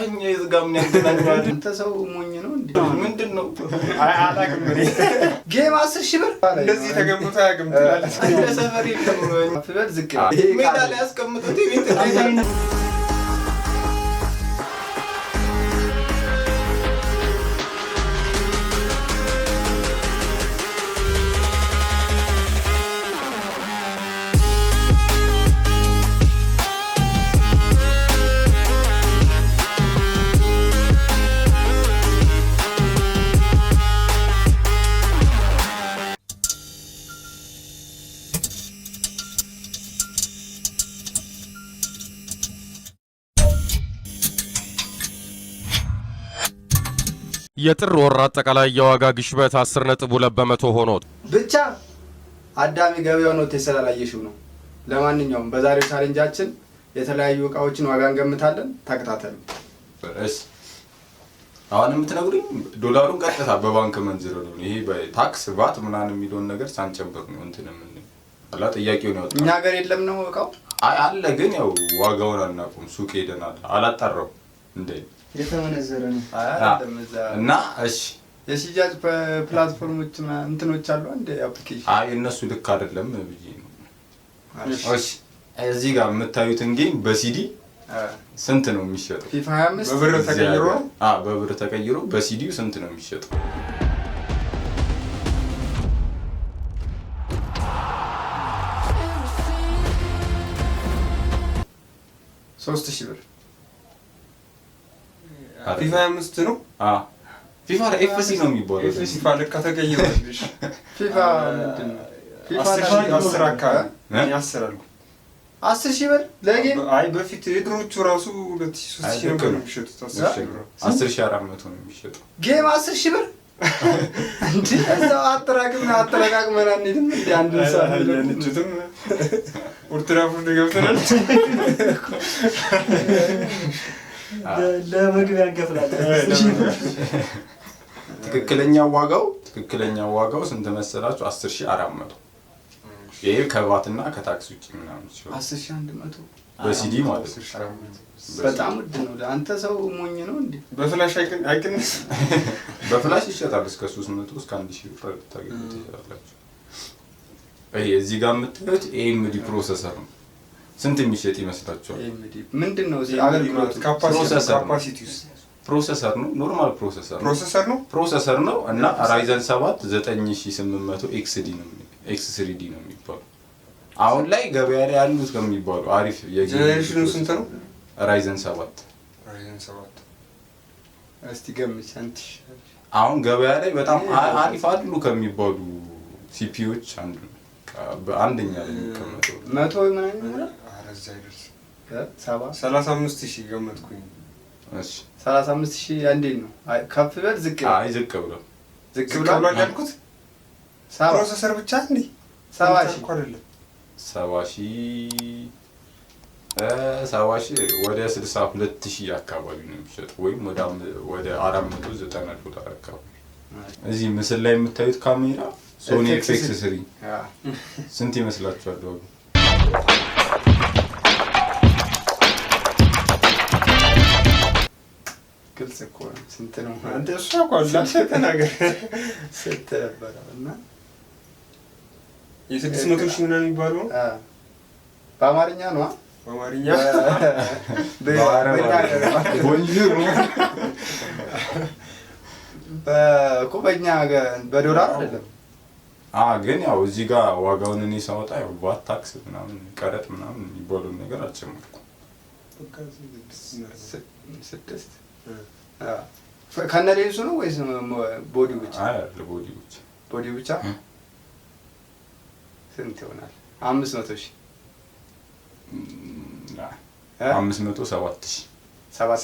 ከኛ የዝጋ ምን ተሰው ሞኝ ነው እንዴ? ምንድን ነው አላውቅም። ጌም አስር ሺህ ብር እንደዚህ ተገምቶ አያውቅም የለም ዝቅ ሜዳ ላይ ያስቀምጡት ቤት የጥር ወር አጠቃላይ የዋጋ ግሽበት ነጥብ 10.2 በመቶ ሆኖ ብቻ አዳሚ ገበያው ነው ተሰላላየሽው ነው። ለማንኛውም በዛሬው ቻሌንጃችን የተለያዩ እቃዎችን ዋጋ እንገምታለን። ተከታተሉ። እስ አሁን የምትነግሩኝ ዶላሩን ቀጥታ በባንክ መንዝሮ ነው ይሄ በታክስ ቫት ምናምን የሚለውን ነገር ሳንጨምር ነው እንትን ምን አላ ጥያቄውን ነው። እኛ ሀገር የለም ነው እቃው አለ፣ ግን ያው ዋጋውን አናውቅም። ሱቅ ሄደናል አላጣራው እንዴ የተመነዘረ ነው እና እሺ የሽያጭ ፕላትፎርሞች እንትኖች አሉ። አንድ አፕሊኬሽን አይ እነሱ ልክ አይደለም ብዬ ነው። እሺ እዚህ ጋር የምታዩትን ጌም በሲዲ ስንት ነው የሚሸጠው? ፊፋ 25 በብር ተቀይሮ አዎ፣ በብር ተቀይሮ በሲዲው ስንት ነው የሚሸጠው? ሶስት ሺህ ብር ፊፋ አምስት ነው። ፊፋ ኤፍሲ ነው የሚባለው። ፊፋ ልክ ከተቀየረልሽ ፊፋ ምንድን ነው? አስር አካባቢ አስር አልኩ። አስር ሺህ ብር ለጌም። አይ በፊት የድሮቹ ራሱ ሁለት ሺህ ሦስት ሺህ ነበር የሚሸጡት። አስር ሺህ አራት መቶ ነው የሚሸጠው ጌም አስር ሺህ ብር አጠራቅመን አጠራቅመን አንሄድም። እንደ አንድ ሰዓትም ኦርትራፉ ገብተናል። ለመግቢያ እንከፍላለን። ትክክለኛ ዋጋው ትክክለኛ ዋጋው ስንት መሰላችሁ? አስር ሺህ አራት መቶ ይሄ ከባትና ከታክስ ውጭ ምናምን ሲሆን አስር ሺህ አንድ መቶ በሲዲ ማለት ነው። በጣም ውድ ነው። አንተ ሰው ሞኝ ነው እንዴ? በፍላሽ አይቀንስ። በፍላሽ ይሸጣል እስከ ሶስት መቶ እስከ አንድ ሺህ ብር ታገኙ ትችላላችሁ። እዚህ ጋር የምታዩት ኤምዲ ፕሮሰሰር ነው። ስንት የሚሸጥ ይመስላችኋል? ምንድን ነው ፕሮሰሰር ነው። ኖርማል ፕሮሰሰር ነው። ፕሮሰሰር ነው። ፕሮሰሰር ነው እና ራይዘን 7 9800 ኤክስዲ ነው ኤክስ ስሪዲ ነው የሚባሉ አሁን ላይ ገበያ ላይ ያሉት ከሚባሉ አሪፍ የጀነሬሽኑ ስንት ነው? ራይዘን 7 ራይዘን 7 እስቲ ገምች አንተ። አሁን ገበያ ላይ በጣም አሪፍ አሉ ከሚባሉ ሲፒዎች አንዱ አንደኛ ላይ የሚቀመጠው መቶ ምናምን ከዛ ሰላሳ አምስት ሺህ ገመትኩኝ። ሰላሳ አምስት ሺህ እንዴት ነው? ከፍ በል ዝቅ አይ ዝቅ ብሎ ዝቅ ብሎ ያልኩት ፕሮሰሰር ብቻ እንዴ ሰባ ሺህ እኮ አይደለም ሰባ ሺህ ሰባ ሺህ ወደ ስልሳ ሁለት ሺህ አካባቢ ነው የሚሸጥ ወይም ወደ አራት መቶ ዘጠና ዶላር አካባቢ። እዚህ ምስል ላይ የምታዩት ካሜራ ሶኒ ኤክስ ስሪ ስንት ይመስላችኋል ዋጋው? ግልጽ እኮ ነው። ስንት ነው አንተ? እሷ እኮ ላሰጠ ነገር ስንት ነበረ? እና የስድስት መቶ ሺህ ምናምን የሚባለው በአማርኛ ነዋ። በአማርኛ እኮ በእኛ በዶላር አይደለም። ግን ያው እዚህ ጋር ዋጋውን እኔ ሳወጣ ያው ባት ታክስ ምናምን ቀረጥ ምናምን የሚባለውን ነገር አልጨመርኩም። ስድስት ከነ ሌሊሱ ነው ወይስ ቦዲ ብቻ? ቦዲ ብቻ። ቦዲ ብቻ ስንት ይሆናል? አምስት መቶ ሺ አምስት መቶ ሰባት ሺ ሰባት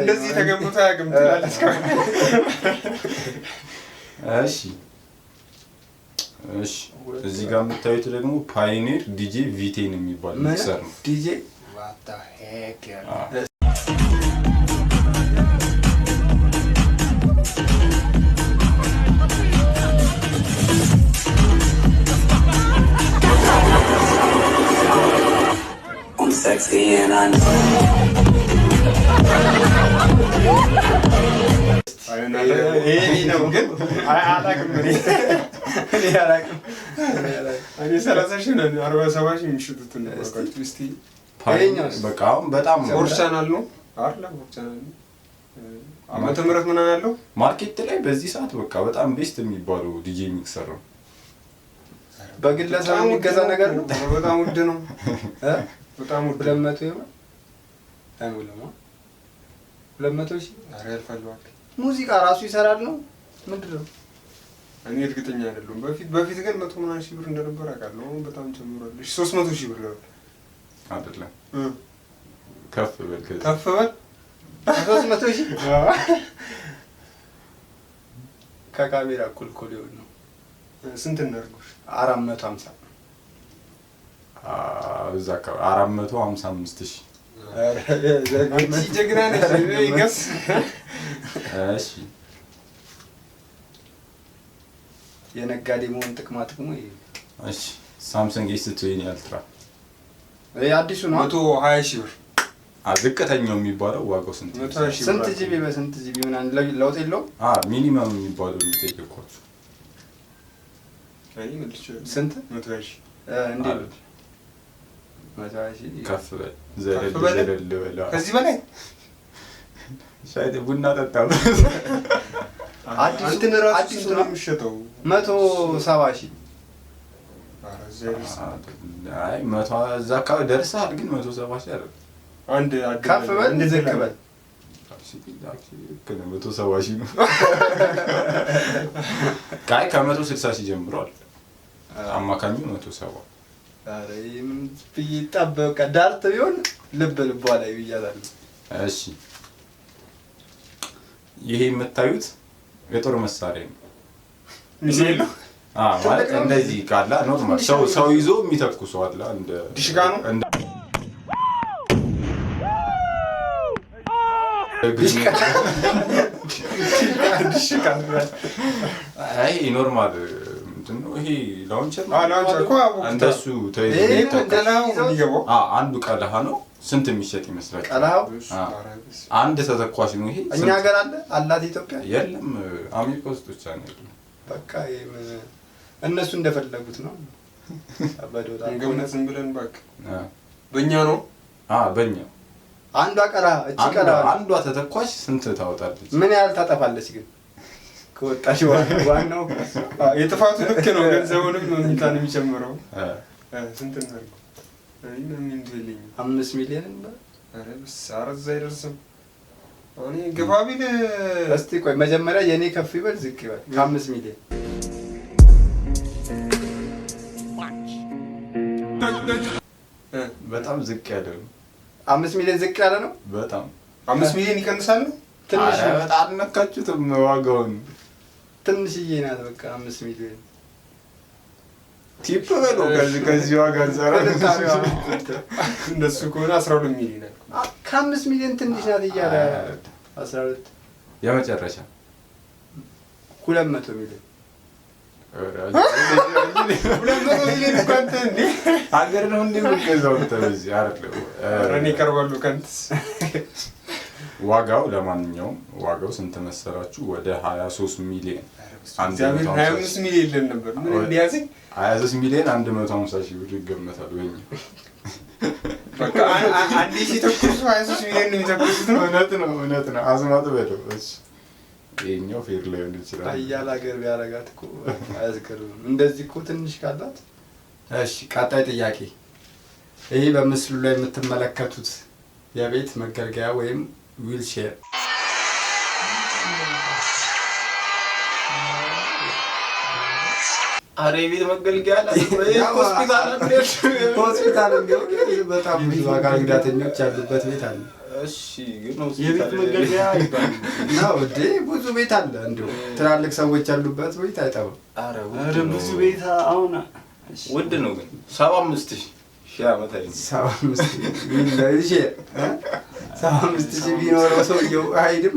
እንደዚህ ተገምቶ አያውቅም ትላለች። እሺ እሺ። እዚህ ጋር የምታዩት ደግሞ ፓይኔር ዲጄ ቪቴን የሚባል ሚክሰር ነው ዲጄ what the heck يعني آه. I'm sexy and I know ايه ده بجد؟ هقعدك منين؟ ليه هلاك؟ يعني سلاسة شنو؟ 24 من شدة المباركات. በቃ አሁን በጣም ምህረት ማርኬት ላይ በዚህ ሰዓት በቃ በጣም ቤስት የሚባሉ ዲጄ ሚክሰር ነው። በግለሰብ የሚገዛ ነገር ነው። በጣም ውድ ነው። በጣም ውድ ሁለት መቶ ይሆናል አይሞላማ። ሁለት መቶ ሺህ ኧረ ያልፈልዋል። ሙዚቃ ራሱ ይሰራል ነው ምንድን ነው? እኔ እርግጠኛ አይደለሁም። በፊት በፊት ግን መቶ ምናምን ሺህ ብር እንደነበር አውቃለሁ። በጣም ጨምሯል። ሶስት መቶ ሺህ ብር ነበር አይደለም ከፍ በል ከፍ በል ሦስት መቶ ሺህ ከካሜራ ኮልኮል ይሆን ነው። ስንት እናድርጎሽ? አራት መቶ ሀምሳ እዛ አካባቢ አራት መቶ ሀምሳ አምስት ጀግና ነሽ። እሺ የነጋዴ መሆን ጥቅማ ጥቅሙ እሺ ሳምሰንግ ኤስ አልትራ አዲሱ ነው። መቶ ሀያ ሺህ ብር ዝቅተኛው የሚባለው ዋጋው ስንት ስንት ጂቢ በስንት ጂቢ ምናምን ለውጥ የለውም። ሚኒመም የሚባለው የሚጠየኳቸው ስንት ከዚህ በላይ ቡና ጠጣ። አዲሱ ነው የሚሸጠው መቶ ሰባ ሺህ እዛ አካባቢ ደርሰሃል፣ ግን መቶ ሰባ ሺህ አይደለም። አንድ ከፍ በል እንደዚህ በል መቶ ሰባ ሺህ ነው። አይ ከመቶ ስልሳ ሺህ ጀምሯል። አማካኙ መቶ ሰባ ጠበቀ። ዳርት ቢሆን ልብ ልቧ ላይ ብያለሁ። እሺ ይሄ የምታዩት የጦር መሳሪያ ነው። ማለት እንደዚህ ካላ ኖርማል ሰው ሰው ይዞ የሚተኩሱ አለ እንደ ድሽጋ ነው አይ ኖርማል ምንድን ነው ይሄ ላውንቸር እንደሱ አንዱ ቀለሃ ነው ስንት የሚሸጥ ይመስላል አንድ ተተኳሽ ነው ይሄ እኛ ሀገር አለ አላት ኢትዮጵያ የለም አሜሪካ ውስጥ ብቻ ነው በቃ እነሱ እንደፈለጉት ነው። ገምነት ብለን እባክህ በእኛ ነው በእኛ አንዷ ቀራ እቺ ቀራ አንዷ ተተኳሽ ስንት ታወጣለች? ምን ያህል ታጠፋለች? ግን ከወጣሽ ዋናው የጥፋቱ ልክ ነው። ገንዘቡንም ሁኔታን የሚጨምረው ስንት እናድርግ? አምስት ሚሊዮን አረዛ አይደርስም። እኔ ገፋ ቢል እስቲ ቆይ መጀመሪያ የእኔ ከፍ ይበል ዝቅ ይበል ከአምስት ሚሊዮን በጣም ዝቅ ያለ ነው። አምስት ሚሊዮን ዝቅ ያለ ነው። በጣም አምስት ሚሊዮን ይቀንሳል። ትንሽ በጣም አልነካችሁትም። ዋጋውን ትንሽዬ ናት። በቃ አምስት ሚሊዮን ቲፕ በሎ ከዚህ ዋጋ አንጻር እንደሱ ከሆነ አስራ ሁለት ሚሊዮን ከአምስት ሚሊዮን ትንሽ ናት እያለ አስራ ሁለት የመጨረሻ ሁለት መቶ ሚሊዮን ሀገር ነው ይቀርባሉ ዋጋው ለማንኛውም ዋጋው ስንት መሰላችሁ? ወደ 23 ሚሊዮን ሚሊዮን ነበር። ምን እንዲያዝኝ ሚሊዮን 150 ሺህ ብር ይገመታል። ወይ በቃ አንዴ ሲተኩሱ ሚሊዮን ነው የሚተኩሱት። እውነት ነው፣ እውነት ነው። በለው ይሄኛው ፌር ላይሆን ይችላል። አያል ሀገር ቢያረጋት እኮ አያስገርምም። እንደዚህ እኮ ትንሽ ካላት። እሺ ቀጣይ ጥያቄ። ይሄ በምስሉ ላይ የምትመለከቱት የቤት መገልገያ ወይም ዊልቼር አረ የቤት መገልገያ ሆስፒታል፣ በጣም ብዙ አካል ጉዳተኞች ያሉበት ቤት አለ። የቤት መገልገያ ይባላል እና ብዙ ቤት አለ። እንዲሁ ትላልቅ ሰዎች ያሉበት ቤት አይጠፋም። ኧረ ብዙ ቤት አሁን ውድ ነው ግን ሰባ አምስት ሺህ ዓመት ሰባ አምስት ሺህ ቢኖረው ሰውየው አይሄድም።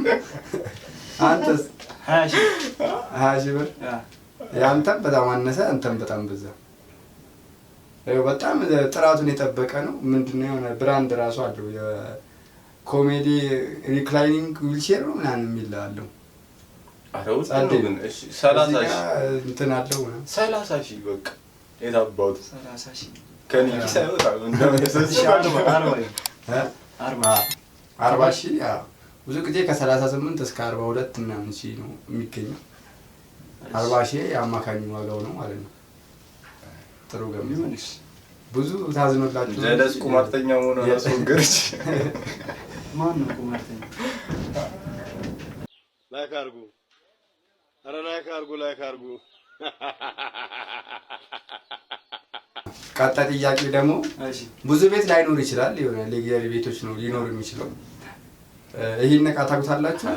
አንተስ ሀያ ሺህ ብር የአንተም በጣም አነሰ፣ አንተም በጣም በዛ። በጣም ጥራቱን የጠበቀ ነው። ምንድን ነው የሆነ ብራንድ ራሱ አለው ኮሜዲ ሪክላይኒንግ ዊልቼር ነው ምናምን የሚል አለው። አርባ ብዙ ጊዜ ከሰላሳ ስምንት እስከ አርባ ሁለት ምናምን ሺ ነው የሚገኘው። አርባ ሺ የአማካኝ ዋጋው ነው ማለት ነው። ጥሩ ገሚ ብዙ ታዝኖላችሁ ደስ ቁማርተኛ መሆኑ ራሱ ገርች ማን ነው ቁማርተኛ? ላይክ አርጉ፣ አረ ላይክ አርጉ፣ ላይክ አርጉ። ቀጣይ ጥያቄ ደግሞ ብዙ ቤት ላይኖር ይችላል። የሆነ ሌግዘሪ ቤቶች ነው ሊኖር የሚችለው። ይህን ነቃ ታውቁታላችሁ?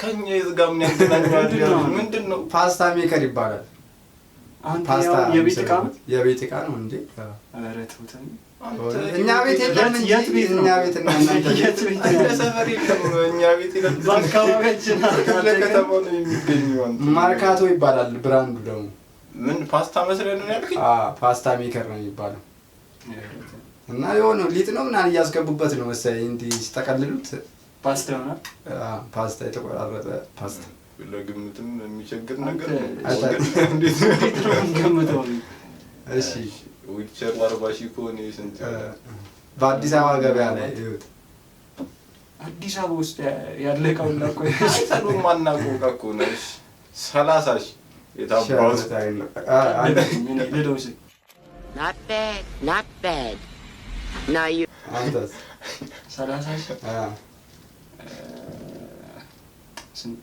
ከኛ የዝጋ ምን ያገናኛል? ምንድን ነው ፓስታ ሜከር ይባላል። የቤት እቃ ነው የቤት ነው እንዴ? ኧረ ተውት። እኛ ቤት የለም እንጂ እኛ ቤት ማርካቶ ይባላል ብራንዱ ደግሞ ምን ፓስታ መስሪያ ነው ያልከኝ? ፓስታ ሜከር ነው የሚባለው። እና የሆነ ሊጥ ነው ምናምን እያስገቡበት ነው መሰለኝ እንዲህ ሲጠቀልሉት ፓስታ ፓስታ የተቆራረጠ ፓስታ ለግምትም የሚቸግር ነገር ነው። እንዴት ነው አርባ ሺህ ከሆነ ስንት? በአዲስ አበባ ገበያ ላይ አዲስ አበባ ውስጥ ያለ እቃ ሁላ እኮ እኮ ነው። ሰላሳ ሺ የታባት ስንት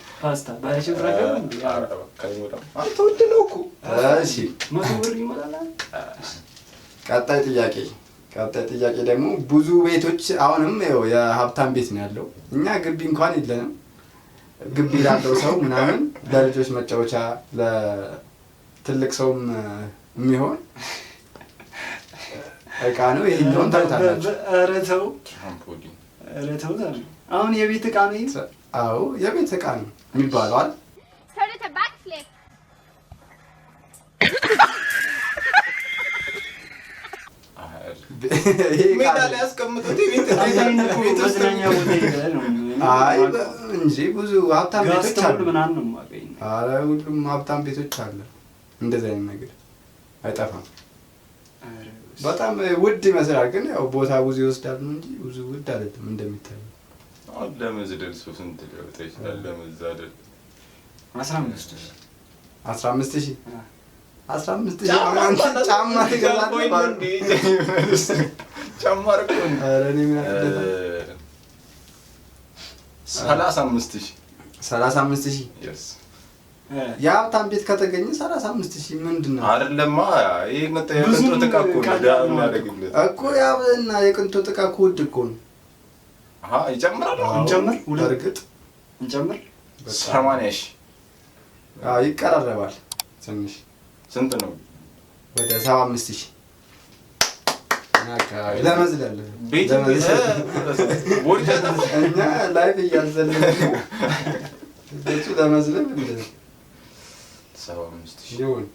ፓስታ ባለሽ ትራገሩ እንዴ? አንተ ወደ ነው እኮ። እሺ መቶ ብር ይሞላል። ቀጣይ ጥያቄ ቀጣይ ጥያቄ ደግሞ ብዙ ቤቶች አሁንም ይኸው የሀብታም ቤት ነው ያለው። እኛ ግቢ እንኳን የለንም። ግቢ ላለው ሰው ምናምን ለልጆች መጫወቻ ለትልቅ ሰውም የሚሆን እቃ ነው። ይሄኛውን ታውቃላችሁ። ኧረ ተው ኧረ ተው አሁን የቤት ዕቃ ነው። አዎ የቤት ዕቃ ነው የሚባለው አይደል? እንጂ ብዙ ሀብታም ቤቶች አሉ። ኧረ ሁሉም ሀብታም ቤቶች አለ። እንደዚህ አይነት ነገር አይጠፋም። በጣም ውድ ይመስላል፣ ግን ያው ቦታ ብዙ ይወስዳል ነው እንጂ ብዙ ውድ አይደለም እንደሚታየው አሁን ለመዝደል እሱ ስንት ሊወጣ ይችላል? አስራ አምስት ሺህ አስራ አምስት ሺህ አስራ አምስት ሺህ ጫማ ትገዛለህ? ጫማ ሰላሳ አምስት ሺህ ሰላሳ አምስት ሺህ የሀብታም ቤት ከተገኘ ሰላሳ አምስት ሺህ ምንድን ነው አይደለማ? ይህ የቅንጦት ዕቃ እኮ እና እኮ ውድ እኮ ነው። ይጨምራል። እንጨምር እርግጥ እንጨምር። ሰማንያ ሺህ ይቀራረባል። ትንሽ ስንት ነው? ወደ ሰባ አምስት ሺ ለመዝለል እኛ ላይፍ እያዘልን ለመዝለል ይሁን።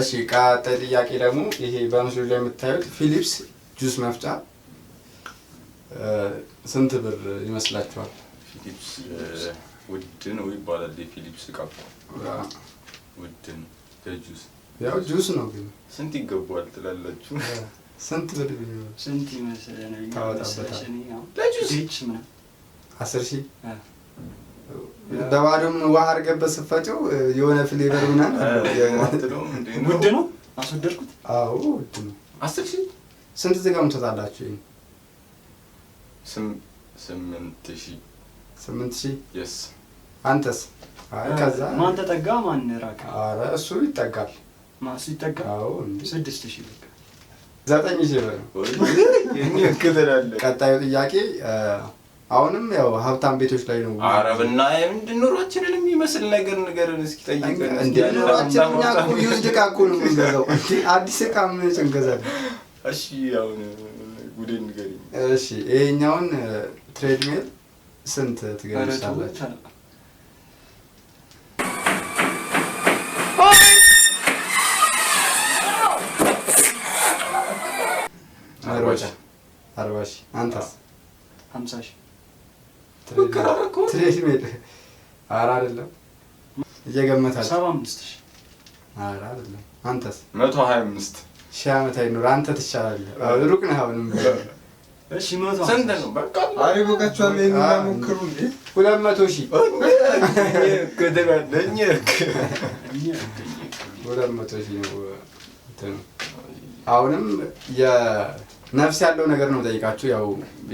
እሺ፣ ቀጣይ ጥያቄ ደግሞ ይሄ በምስሉ ላይ የምታዩት ፊሊፕስ ጁስ መፍጫ ስንት ብር ይመስላችኋል? ፊሊፕስ ውድ ነው ይባላል። የፊሊፕስ እቃ ውድ ነው። ለጁስ ያው ጁስ ነው ግን ስንት ይገባዋል ትላላችሁ? ስንት ብር ስንት ይመስለናል? ታወጣበታል። አስር ሺህ በባዶም ውሃ አድርገበት ስትፈጪው የሆነ ፍሌቨር ምናምን ውድ ነው። አስወደድኩት። አዎ ውድ ነው። አስር ሺህ ስንት ተቀምጦታላችሁ? ስምንት ሺህ ስምንት ሺህ የስ አንተስ? ከዛ ማን ተጠጋ ማን ራቀ? እሱ ይጠጋል። ማሱ ይጠጋል። ስድስት ሺህ ዘጠኝ ሺህ ብር ቀጣዩ ጥያቄ አሁንም ያው ሀብታም ቤቶች ላይ ነው። አረብና የምንድን ኑሯችንን የሚመስል ነገር ንገርን እስኪ ጠይቀን። ኑሯችን እኛ ዩዝድ እኮ ነው የምንገዛው። አዲስ ምን እሺ አሁን ጉዴን ንገሪኝ። እሺ ይሄኛውን ትሬድሜል ስንት ትገልጻለች? አርባ ሺህ አንተስ? ሀምሳ ሺህ ትሬድሜል ኧረ አይደለም እየገመታለሁ። ሰባ አምስት ሺህ ኧረ አይደለም አንተስ? መቶ ሀያ አምስት ሺህ ዓመት አይኖር አንተ ትቻላለህ። ሩቅ ነህ አሁንም። እሺ ነው? በቃ አሪፍ እውቀችዋለሁ። ይሄንን እንዴ! ሁለት መቶ ሺህ ከተጋደኝ ሁለት መቶ አሁንም የነፍስ ያለው ነገር ነው ጠይቃችሁ። ያው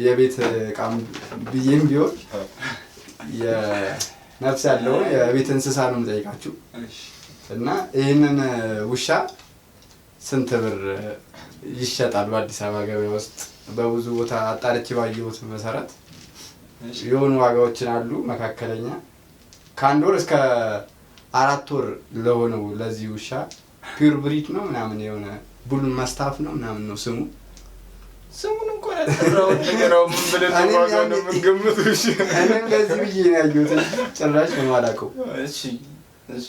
የቤት እቃም ብዬም ቢሆን የነፍስ ያለውን የቤት እንስሳ ነው ጠይቃችሁ እና ይህንን ውሻ ስንት ብር ይሸጣል በአዲስ አበባ ገበያ ውስጥ? በብዙ ቦታ አጣርቼ ባየሁት መሰረት የሆኑ ዋጋዎችን አሉ። መካከለኛ ከአንድ ወር እስከ አራት ወር ለሆነው ለዚህ ውሻ ፒውር ብሪድ ነው ምናምን የሆነ ቡል መስታፍ ነው ምናምን ነው ስሙ ስሙን እንኳን ያጠራውን ነገራው ምን ብለን ዋጋ ነው የምንገምቱ? እኔም ለዚህ ብዬ ነው ያየሁት ጭራሽ ነው የማላውቀው። እሺ እሺ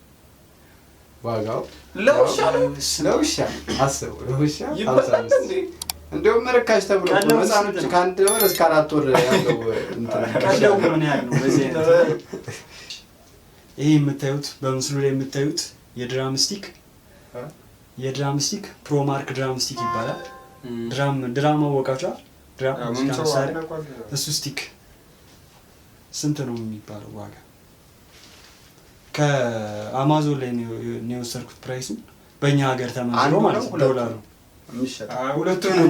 ዋጋው ለውሻ ነው። ለውሻ አስቡ፣ ለውሻ እንደውም ርካሽ ተብሎ ህፃኖች ከአንድ ወር እስከ አራት ወር ያለው ምን ያህል ነው? ይሄ የምታዩት በምስሉ ላይ የምታዩት የድራምስቲክ የድራምስቲክ ፕሮማርክ ድራምስቲክ ይባላል። ድራም ድራም አወቃችኋል? ድራም እሱ ስቲክ ስንት ነው የሚባለው ዋጋ? ከአማዞን ላይ ነው የወሰድኩት ፕራይሱን በእኛ ሀገር ተመዝኖ ማለት ነው ዶላሩ ሁለቱ ነው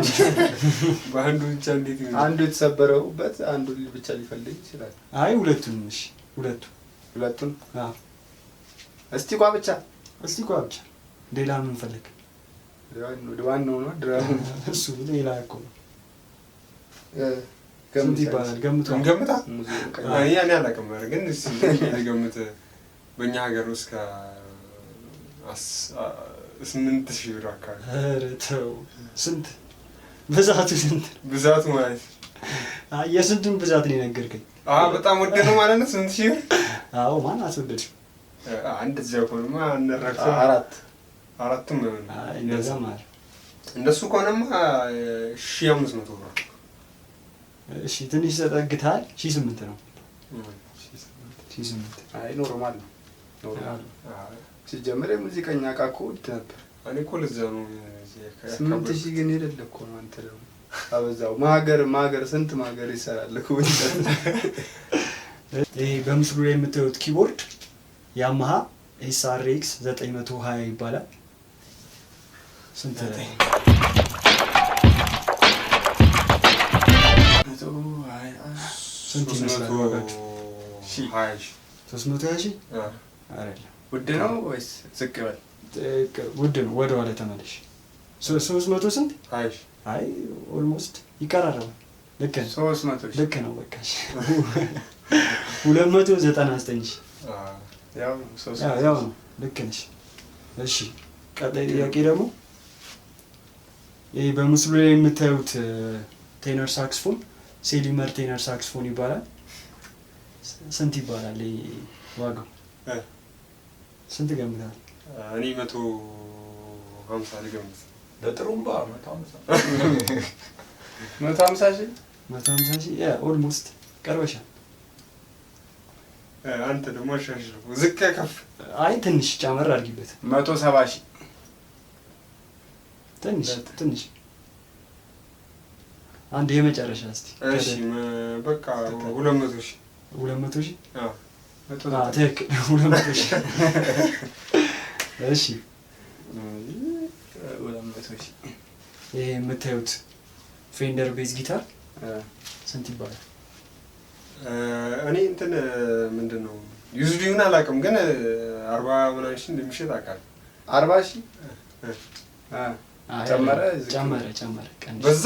በአንዱ ብቻ እንዴት አንዱ የተሰበረውበት አንዱ ብቻ ሊፈልግ ይችላል አይ ሁለቱን እሺ ሁለቱ ሁለቱን እስቲ ኳ ብቻ እስቲ ኳ ብቻ ሌላ ምን ፈልግ ዋናው ነው ድራሙ እሱ ሌላ እኮ ነው ገምት ይባላል ገምቷ ገምታ እኔ አላውቅም ግን ገምት በእኛ ሀገር ውስጥ ስምንት ሺህ ብር አካባቢ። ስንት ብዛቱ ስንት ብዛቱ ማለት የስንቱን ብዛት ነው የነገርከኝ? በጣም ወደ ነው ማለት ነው ስንት ሺህ አዎ ማን አስወደድ? አንድ እዚያ ከሆነማ እንረግቶ አራት አራትም እንደዛ ማለት እንደሱ ከሆነማ ሺህ አምስት መቶ ብር። እሺ ትንሽ ተጠግተሃል። ሺህ ስምንት ነው ሺህ ስምንት አይ ኖርማል ነው ኖርማል ሲጀመር የሙዚቀኛ እቃ እኮ ውድ ነበር። እኔ እኮ ለዛ ነው ስምንት ሺህ ግን የሌለ እኮ ነው። አንተ ደግሞ አበዛው። ማገር ማገር ስንት ማገር ይሰራል እኮ ይሄ በምስሉ ላይ የምታዩት ኪቦርድ ዘጠኝ መቶ ሀያ ይባላል። ስንት ስንት ይመስላል ሶስት መቶ ሀያ ሺህ ውድ ነው ወይስ ዝቅ በል? ውድ ነው። ወደ ኋላ ተመለሽ። ሶስት መቶ ስንት? አይ ኦልሞስት ይቀራረባል። ልክ ነው። ሶስት መቶ ልክ ነው። በቃ ሁለት መቶ ዘጠና ዘጠኝ ያው ነው። ልክ ነሽ። እሺ ቀጣይ ጥያቄ ደግሞ ይህ በምስሉ ላይ የምታዩት ቴነር ሳክስፎን ሴሊመር ቴነር ሳክስፎን ይባላል። ስንት ይባላል ዋጋው? ስንት ገምታል? እኔ መቶ ሀምሳ ልገምት። ለጥሩምባ መቶ ሀምሳ መቶ ሀምሳ ሺህ መቶ ሀምሳ ሺህ ኦልሞስት ቀርበሻል። አንተ ደግሞ ሻሽ ዝቅ ከፍ። አይ ትንሽ ጨመር አድርጊበት። መቶ ሰባ ሺ ትንሽ ትንሽ አንድ የመጨረሻ እስኪ በቃ ሁለት መቶ ሺህ ሁለት መቶ ሺህ እሺ ይሄ የምታዩት ፌንደር ቤዝ ጊታር ስንት ይባላል? እኔ እንትን ምንድን ነው ዩዝ አላውቅም፣ ግን አርባ ምናምን ሺህ እንደሚሸጥ አውቃለሁ። አርባ ሺህ ጨመረ ጨመረ ጨመረ በዛ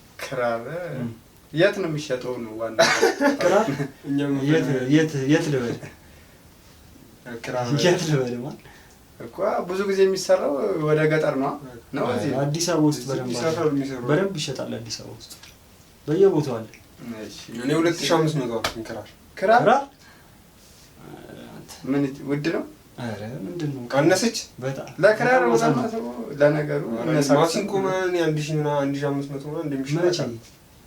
ክራብ የት ነው የሚሸጠው? ነው ዋናየት ክራብ ልበል የት ልበል እኮ ብዙ ጊዜ የሚሰራው ወደ ገጠር ነው ነው አዲስ አበባ ውስጥ በደንብ በደንብ ይሸጣል። አዲስ አበባ ውስጥ በየቦታው አለ። እኔ ሁለት ሺህ አምስት መቶ ክራር ክራር ምን ውድ ነው ቀነሰች በጣም ለክራር በጣም ለነገሩ ማሲንቆ ምን አንድ ሺህ ምናምን አንድ ሺህ አምስት መቶ ምናምን እንደሚሸጥ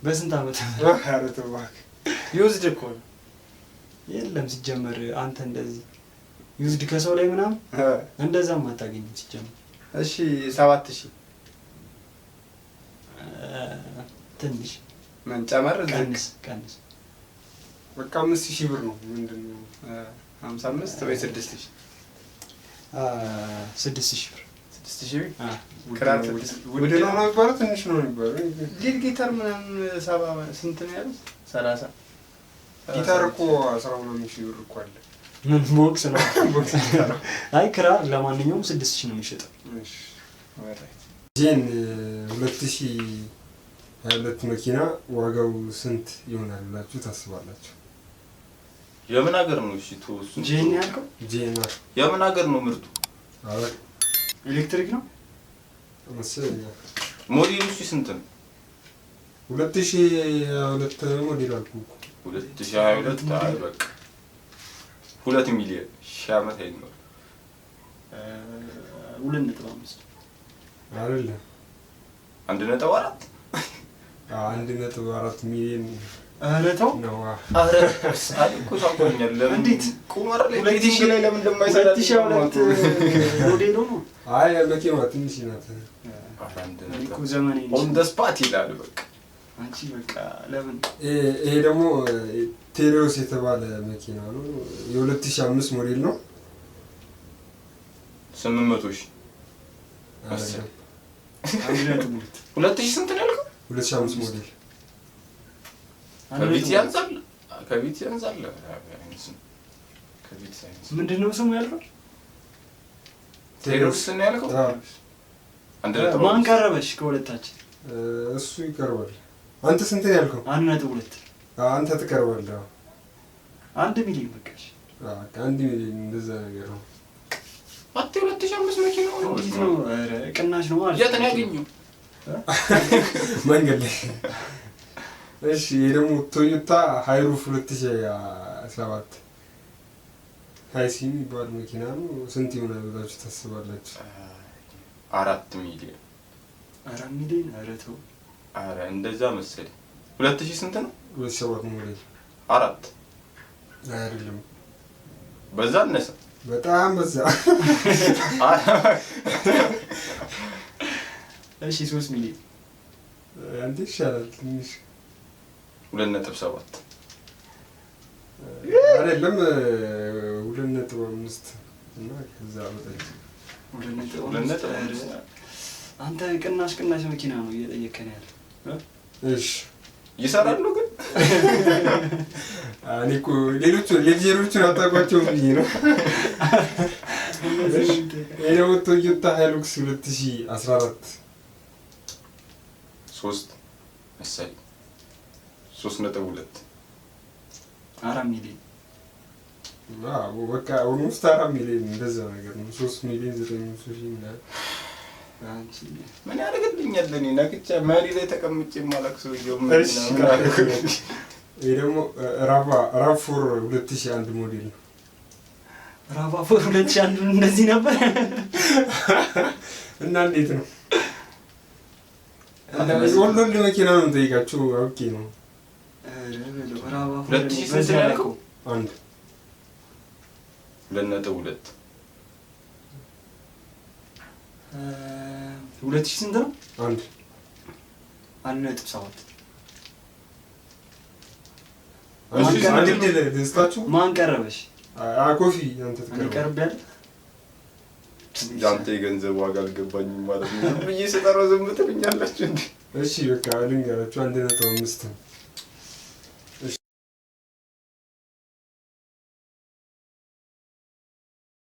በስንት ዓመት ዩዝድ እኮ ነው። የለም ሲጀመር አንተ እንደዚህ ዩዝድ ከሰው ላይ ምናምን እንደዛም አታገኝም ሲጀመር። እሺ ሰባት ሺህ ትንሽ ምን ጨመር ቀንስ ቀንስ በቃ አምስት ሺህ ብር ነው ምንድን ነው ሀምሳ አምስት ወይ ስድስት ሺህ ስድስት ሺህ ብር ስድስት ሺህ ብር ውድ ነው የሚባለው ትንሽ ነው የሚባለው። ሊድ ጊታር ምናምን ሰባ ስንት ነው ያሉት? ሰላሳ ጊታር እኮ አስራ ሁለት ሺህ ብር እኮ አለ። ምን ቦክስ ነው? አይ ክራር ለማንኛውም ስድስት ሺህ ነው የሚሸጠው። ዜን ሁለት ሺህ ሁለት መኪና ዋጋው ስንት ይሆናል ብላችሁ ታስባላችሁ? የምን ሀገር ነው? እሺ ተወሱ። ጄኒ ያልከው ጄኒ የምን ሀገር ነው? ምርቱ ኤሌክትሪክ ነው። ሞዴሉ እሺ ስንት ነው? ሁለት ሺህ ሁለት ሞዴል አልኩህ ሁለት ሺህ ሀያ ሁለት አይ በቃ ሁለት ሚሊዮን ሺህ ዓመት አይኖርም። ሁለት ነጥብ አምስት አይደለ አንድ ነጥብ አራት አንድ ነጥብ አራት ሚሊዮን ኧረ ተው ኧረ እኮ ታውቆኛል። እንዴት ቁመር ላይ ሁለት ሺህ ላይ ለምን ሞዴሉ ነው። አይ መኪና ትንሽ ናት እኮ ዘመኔ ኦን ደ ስፓት ይላል። በቃ አንቺ በቃ ለምን ይሄ ደግሞ የተባለ መኪና ነው። የሁለት ሺህ አምስት ሞዴል ነው። ስምንት መቶ ሺህ ሁለት ሺህ ስንት ነው ያልከው? ሁለት ሺህ አምስት ሞዴል ከቢት ያንሳል፣ ከቢት ያንሳል። ምንድን ነው ስሙ ያልከው? ቴሮስ ነው ያልከው። ማን ቀረበሽ? ከሁለታችን እሱ ይቀርባል። አንተ ስንት ያልከው? አንድ ነጥብ ሁለት አንተ ትቀርባለህ። አንድ ሚሊዮን በቃሽ። አንድ ሚሊዮን እንደዛ ነገር ነው። አቴ ሁለት ሺህ አምስት መኪና ነው ቅናሽ ነው ማለት የት ነው ያገኘው? መንገድ ላይ እሺ ይሄ ደግሞ ቶዮታ ሃይሩፍ 2017 ታይሲ የሚባል መኪና ነው። ስንት ይሆናል ብላችሁ ታስባላችሁ? አራት ሚሊዮን አራት ሚሊዮን ኧረ ተው ኧረ እንደዛ መሰለ ሁለት ሺህ ስንት ነው? ሁለት ሺህ ሰባት ሞዴል አራት አይደለም፣ በዛ አነሰ፣ በጣም በዛ። እሺ ሶስት ሚሊዮን አንድ ይሻላል ትንሽ ሁለት ነጥብ ሰባት አይደለም ሁለት ነጥብ አምስት እና ከዛ በታች አንተ ቅናሽ ቅናሽ መኪና ነው እየጠየቀን ያለ። እሺ ይሰራሉ ግን እኔ እኮ ሌሎቹ ሌሎቹን አታውቋቸውም ብዬ ነው። ቶዮታ ሃይሉክስ ሶስት መሰለኝ ሶስት ነጥብ ሁለት አራት ሚሊዮን በቃ ኦልሞስት አራት ሚሊዮን እንደዛ ነገር ነው። ሶስት ሚሊዮን ዘጠኝ መቶ ሺህ ምን ያደርግልኛል? እኔ ነቅቼ መሪ ላይ ተቀምጬ የማላውቅ ሰውዬው ይህ ደግሞ ራቫ ፎር ሁለት ሺህ አንድ ሞዴል ነው። ራቫ ፎር ሁለት ሺህ አንድ እንደዚህ ነበር እና እንዴት ነው? ወሎሌ መኪና ነው የምጠይቃቸው አውቄ ነው ሁለት ሺህ ስንት ነው ያልከው? አንድ ሁለት ነጥብ ሁለት ሁለት ሺህ ስንት ነው? አንድ አንድ ነጥብ ሰባት ማን ቀረበሽ? ኮፊ ቀርቤያለሁ። የገንዘብ ዋጋ አልገባኝም ማለት ነው ብዬ ስጠራው ዝም ትሉኛላችሁ። እሺ በቃ ልንገራችሁ አንድ ነጥብ አምስት ነው